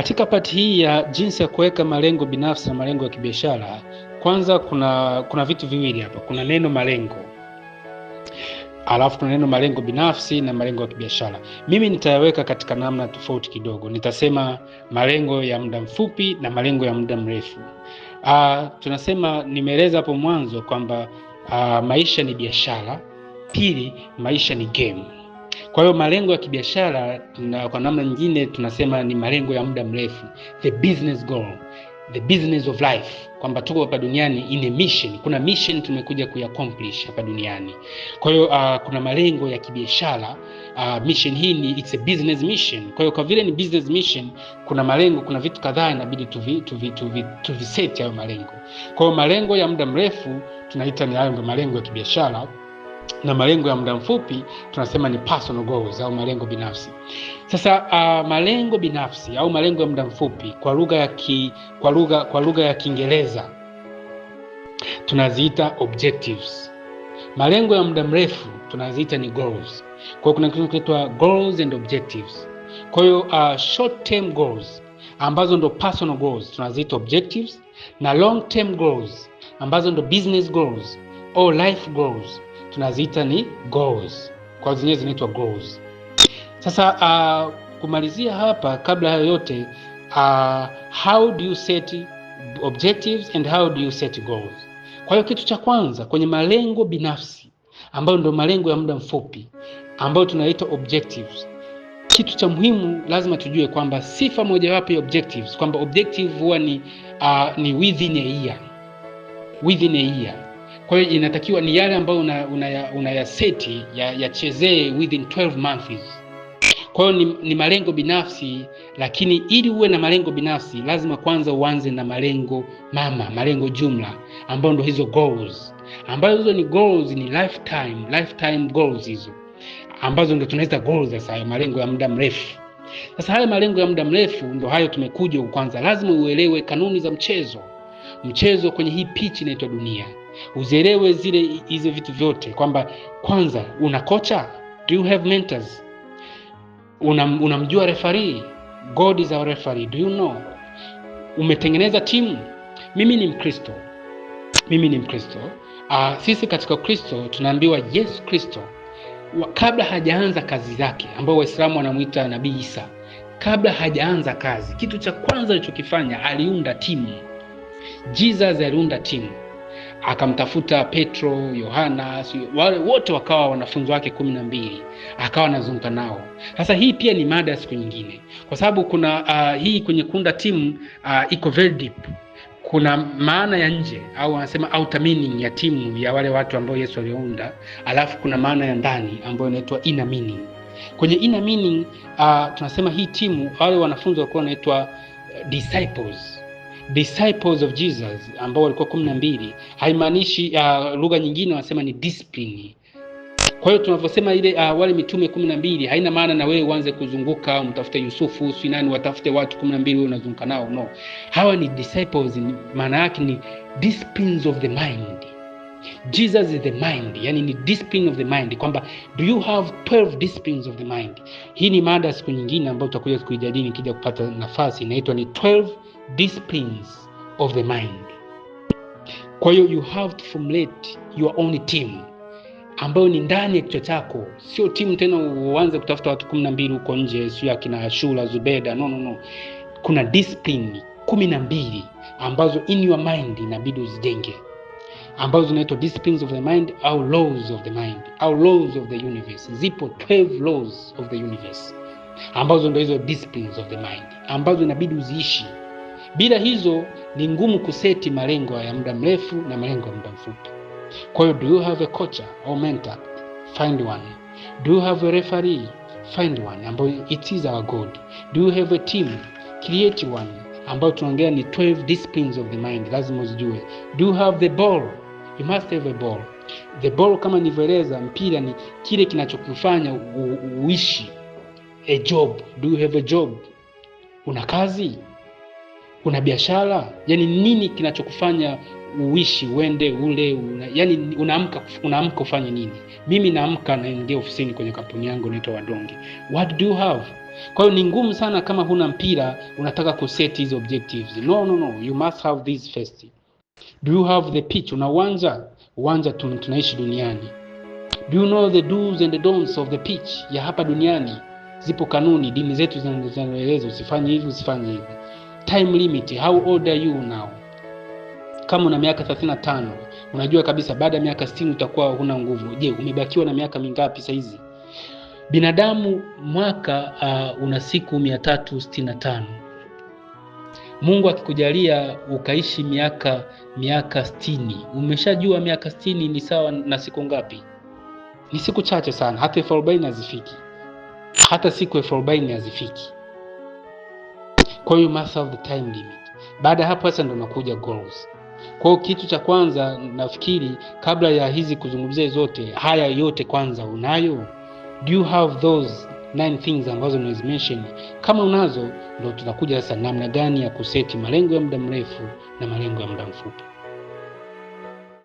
Katika pati hii ya jinsi ya kuweka malengo binafsi na malengo ya kibiashara, kwanza kuna kuna vitu viwili hapa. Kuna neno malengo, alafu kuna neno malengo binafsi na malengo ya kibiashara. Mimi nitayaweka katika namna tofauti kidogo, nitasema malengo ya muda mfupi na malengo ya muda mrefu. Uh, tunasema nimeeleza hapo mwanzo kwamba uh, maisha ni biashara, pili maisha ni game. Kwa hiyo malengo ya kibiashara kwa namna nyingine tunasema ni malengo ya muda mrefu, the business goal, the business of life, kwamba tuko hapa duniani in a mission. Kuna mission tumekuja kuyaccomplish hapa duniani. Kwa hiyo uh, kuna malengo ya kibiashara uh, mission hii ni it's a business mission. Kwa hiyo kwa vile ni business mission, kuna malengo, kuna vitu kadhaa inabidi tuvi, tuvi, tuvi, tuvi set hayo malengo. Kwa hiyo malengo ya muda mrefu tunaita ni hayo malengo ya kibiashara na malengo ya muda mfupi tunasema ni personal goals au malengo binafsi. Sasa uh, malengo binafsi au malengo ya muda mfupi kwa lugha ya ki, kwa lugha kwa lugha ya Kiingereza tunaziita objectives. Malengo ya muda mrefu tunaziita ni goals. Kwa hiyo kuna kitu kinaitwa goals and objectives. Kwa hiyo uh, short term goals ambazo ndo personal goals tunaziita objectives na long term goals ambazo ndo business goals au life goals tunaziita ni goals, kwa zenyewe zinaitwa goals. Sasa uh, kumalizia hapa, kabla hayo yote uh, how do you set objectives and how do you set goals? Kwa hiyo kitu cha kwanza kwenye malengo binafsi ambayo ndio malengo ya muda mfupi ambayo tunaita objectives kitu cha muhimu lazima tujue kwamba sifa mojawapo ya objectives kwamba objective huwa ni, uh, ni within a year. Within a year kwa hiyo inatakiwa ni yale ambayo unayaseti una, una yachezee ya within 12 months. Kwa hiyo ni, ni malengo binafsi, lakini ili uwe na malengo binafsi lazima kwanza uanze na malengo mama, malengo jumla ambayo ndo hizo goals, ambazo hizo ni goals, ni lifetime, lifetime goals hizo ambazo ndo tunaita goals. Sasa ya malengo ya muda mrefu sasa haya malengo ya muda mrefu ndo hayo tumekuja. Kwanza lazima uelewe kanuni za mchezo. Mchezo kwenye hii pichi inaitwa dunia uzielewe zile hizo vitu vyote, kwamba kwanza una kocha, do you have mentors? Unamjua una refarii, God is our referee, do you know? Umetengeneza timu. Mimi ni Mkristo, mimi ni Mkristo. Uh, sisi katika Kristo tunaambiwa Yesu Kristo kabla hajaanza kazi zake, ambao Waislamu wanamwita Nabii Isa, kabla hajaanza kazi, kitu cha kwanza alichokifanya aliunda timu. Jesus aliunda timu akamtafuta Petro, Yohana, wale wote wakawa wanafunzi wake kumi na mbili, akawa anazunguka nao. Sasa hii pia ni mada ya siku nyingine, kwa sababu kuna uh, hii kwenye kuunda timu uh, ah, iko very deep. Kuna maana ya nje au wanasema outer meaning ya timu ya wale watu ambao Yesu aliunda, alafu kuna maana ya ndani ambayo inaitwa inner meaning. Kwenye inner meaning uh, tunasema hii timu wale wanafunzi walikuwa wanaitwa eh, disciples disciples of Jesus ambao walikuwa kumi na mbili haimaanishi uh, lugha nyingine wanasema ni discipline. Kwa hiyo tunavyosema ile uh, wale mitume kumi na mbili haina maana na wewe uanze kuzunguka umtafute Yusufu si nani, watafute watu kumi na mbili wewe unazunguka nao no. Hawa ni disciples, maana yake ni disciplines of the mind. Jesus is the mind, yani ni discipline of the mind, kwamba do you have 12 disciplines of the mind. Hii ni mada siku nyingine ambayo tutakuja kuijadili kija kupata nafasi, inaitwa ni disciplines of the mind. Kwa hiyo you have to formulate your own team ambayo ni ndani ya kichwa chako, sio timu tena uanze kutafuta watu kumi na mbili huko nje, sio akina Shura, Zubeda. No, no, no, kuna discipline kumi na mbili ambazo in your mind inabidi uzijenge, ambazo zinaitwa disciplines of the mind au laws of the mind au laws of the universe. Zipo 12 laws of the universe ambazo ndio hizo disciplines of the mind ambazo inabidi uziishi. Bila hizo ni ngumu kuseti malengo ya muda mrefu na malengo ya muda mfupi. Kwa hiyo do you have a coach or mentor? Find one. Do you have a referee? Find one ambayo it is our God. Do you have a team? Create one ambayo tunaongea ni 12 disciplines of the mind, lazima uzijue. Do you have the ball? You must have a ball. The ball kama nilivyoeleza, mpira ni kile kinachokufanya uishi. A job. Do you have a job? Una kazi? kuna biashara, yani nini kinachokufanya uishi uende ule una, yani unaamka unaamka ufanye nini? Mimi naamka naingia ofisini kwenye kampuni yangu inaitwa Wadonge. What do you have? Kwa hiyo ni ngumu sana kama huna mpira unataka kuset hizo objectives. No, no, no, you must have this first. Do you have the pitch? Una uwanja? Uwanja tunaishi duniani. Do you know the do's and the don'ts of the pitch ya hapa duniani? Zipo kanuni, dini zetu zinaeleza usifanye hivi, usifanye hivi time limit, how old are you now? Kama una miaka 35 unajua kabisa baada ya miaka 60 utakuwa huna nguvu. Je, umebakiwa na miaka mingapi sasa hizi? Binadamu mwaka uh, una siku 365. Mungu akikujalia ukaishi miaka miaka 60, umeshajua miaka 60 ni sawa na siku ngapi? Ni siku chache sana, hata elfu arobaini hazifiki, hata siku elfu arobaini hazifiki. Kwa hiyo must have the time limit. Baada ya hapo sasa ndo nakuja goals. Kwa hiyo kitu cha kwanza nafikiri, kabla ya hizi kuzungumzia zote haya yote, kwanza unayo, do you have those nine things ambazo nimezimention? Kama unazo, ndo tunakuja sasa namna gani ya kuseti malengo ya muda mrefu na malengo ya muda mfupi.